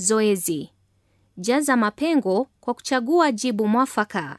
Zoezi: jaza mapengo kwa kuchagua jibu mwafaka.